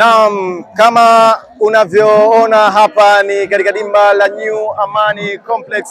Naam, kama unavyoona hapa ni katika dimba la New Amani Complex,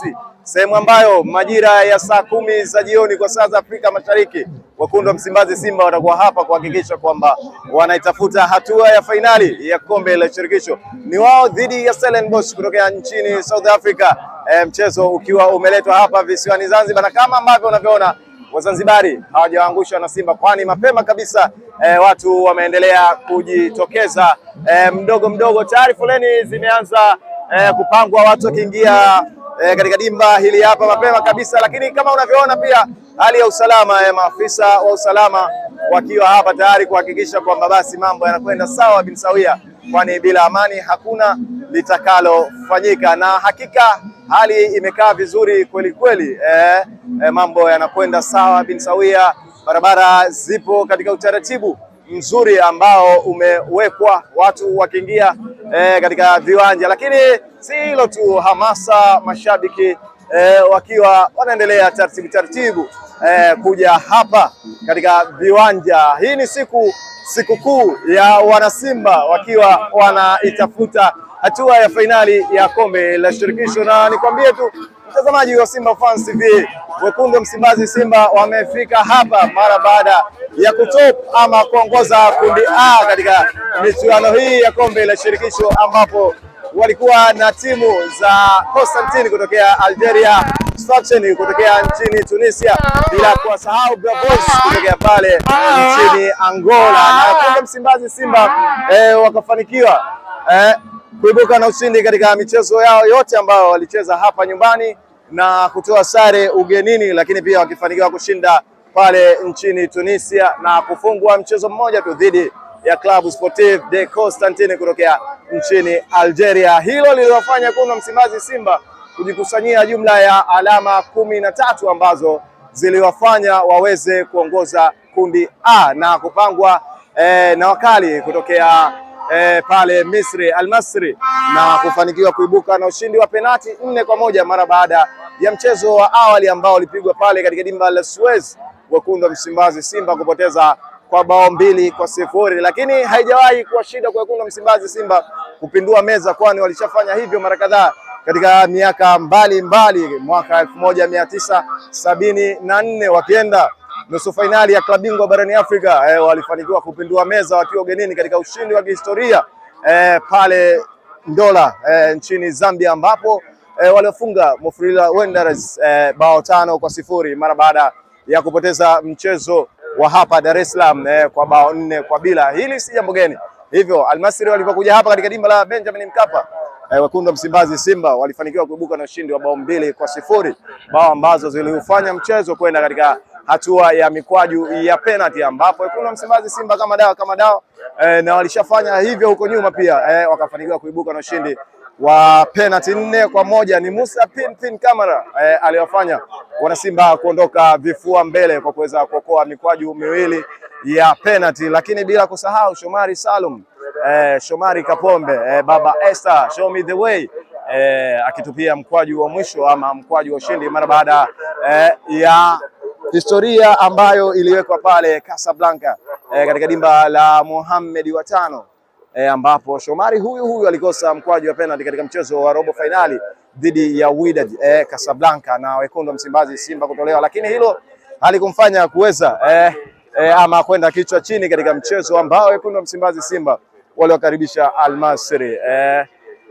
sehemu ambayo majira ya saa kumi za jioni kwa saa za Afrika Mashariki wekundu wa Msimbazi Simba watakuwa hapa kuhakikisha kwamba wanaitafuta hatua ya fainali ya kombe la shirikisho, ni wao dhidi ya Stellenbosch kutoka nchini South Africa, e, mchezo ukiwa umeletwa hapa visiwani Zanzibar, na kama ambavyo unavyoona Wazanzibari hawajawaangusha na Simba, kwani mapema kabisa e, watu wameendelea kujitokeza e, mdogo mdogo tayari foleni zimeanza e, kupangwa watu wakiingia e, katika dimba hili hapa mapema kabisa, lakini kama unavyoona pia hali ya usalama e, maafisa wa usalama wakiwa hapa tayari kuhakikisha kwamba basi mambo yanakwenda sawa bin sawia, kwani bila amani hakuna litakalofanyika, na hakika hali imekaa vizuri kweli kweli. E, e, mambo yanakwenda sawa bin sawia, barabara zipo katika utaratibu mzuri ambao umewekwa, watu wakiingia e, katika viwanja. Lakini si hilo tu, hamasa mashabiki e, wakiwa wanaendelea taratibu taratibu e, kuja hapa katika viwanja. Hii ni siku sikukuu ya wanasimba wakiwa wanaitafuta hatua ya fainali ya kombe la shirikisho. Na nikwambie tu mtazamaji wa Simba Fans TV, wekundu wa Msimbazi Simba wamefika hapa mara baada ya kutop ama kuongoza kundi A katika michuano hii ya kombe la shirikisho ambapo walikuwa na timu za Constantine kutokea Algeria, Sfaxien kutokea nchini Tunisia, bila kuwasahau Bravos kutokea pale nchini Angola. Na wekundu wa Msimbazi Simba eh, wakafanikiwa eh, kuibuka na ushindi katika michezo yao yote ambayo walicheza hapa nyumbani na kutoa sare ugenini, lakini pia wakifanikiwa kushinda pale nchini Tunisia na kufungwa mchezo mmoja tu dhidi ya Club Sportif de Constantine kutokea nchini Algeria, hilo lililofanya kuna Msimbazi Simba kujikusanyia jumla ya alama kumi na tatu ambazo ziliwafanya waweze kuongoza kundi A na kupangwa eh, na wakali kutokea eh, pale Misri Al-Masri na kufanikiwa kuibuka na ushindi wa penati nne kwa moja mara baada ya mchezo wa awali ambao ulipigwa pale katika dimba la Suez, wekundu wa Msimbazi Simba kupoteza kwa bao mbili kwa sifuri, lakini haijawahi kuwa shida kwa wekundu wa Msimbazi Simba kupindua meza, kwani walishafanya hivyo mara kadhaa katika miaka mbalimbali, mwaka elfu moja mia tisa sabini na nne wakienda nusu fainali ya klabu bingwa barani Afrika eh, walifanikiwa kupindua meza wakiwa ugenini katika ushindi wa kihistoria eh, pale Ndola eh, nchini Zambia ambapo eh, waliofunga Mufulira Wanderers eh, bao tano kwa sifuri mara baada ya kupoteza mchezo wa hapa Dar es Salaam eh, kwa bao nne kwa bila. Hili si jambo geni, hivyo Almasri walipokuja hapa katika dimba la Benjamin Mkapa eh, wekundu wa Msimbazi Simba walifanikiwa kuibuka na ushindi wa bao mbili kwa sifuri, bao ambazo ziliufanya mchezo kwenda katika hatua ya mikwaju ya penalty, ambapo kuna Msimbazi Simba kama dawa kama dawa e, na walishafanya hivyo huko nyuma pia e, wakafanikiwa kuibuka na no ushindi wa penalty nne kwa moja. Ni Musa Pinpin Kamara e, eh, aliyofanya Simba kuondoka vifua mbele kwa kuweza kuokoa mikwaju miwili ya penalty, lakini bila kusahau Shomari Salum e, Shomari Kapombe e, Baba Esther show me the way e, akitupia mkwaju wa mwisho ama mkwaju wa ushindi mara baada e, ya historia ambayo iliwekwa pale Casablanca e, katika dimba la Mohamed wa tano e, ambapo Shomari huyu huyu alikosa mkwaju wa penalti katika mchezo wa robo fainali dhidi ya Wydad e, Casablanca na wekundu Msimbazi Simba kutolewa, lakini hilo halikumfanya kuweza e, e, ama kwenda kichwa chini katika mchezo ambao wekundu wa Msimbazi Simba waliokaribisha Al Masry e,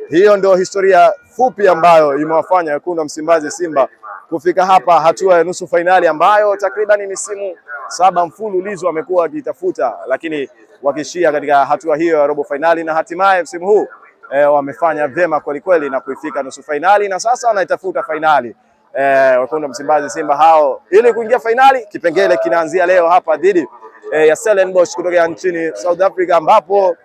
hiyo ndio historia fupi ambayo imewafanya wekundu wa Msimbazi Simba kufika hapa hatua ya nusu fainali ambayo takriban misimu saba mfululizo wamekuwa wakitafuta, lakini wakishia katika hatua hiyo ya robo fainali na hatimaye msimu huu e, wamefanya vyema kwelikweli na kuifika nusu fainali na sasa wanaitafuta fainali. E, eh, wekundu wa Msimbazi Simba hao ili kuingia fainali, kipengele kinaanzia leo hapa dhidi e, ya Stellenbosch kutokea nchini South Africa ambapo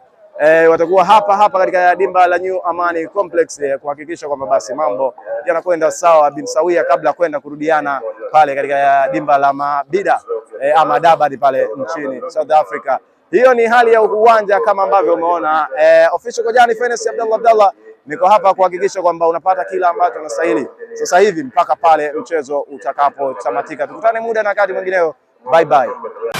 e, watakuwa hapa hapa katika dimba la New Amani Complex eh, kuhakikisha kwamba basi mambo yanakwenda sawa bin sawia, kabla ya kwenda kurudiana pale katika dimba la Mabida e, ama Durban pale nchini South Africa. Hiyo ni hali ya uwanja kama ambavyo umeona e, official Kojani Fenesi Abdallah Abdallah niko hapa kuhakikisha kwamba unapata kila ambacho unastahili sasa hivi mpaka pale mchezo utakapotamatika. Tukutane muda na wakati mwingineo. Bye bye.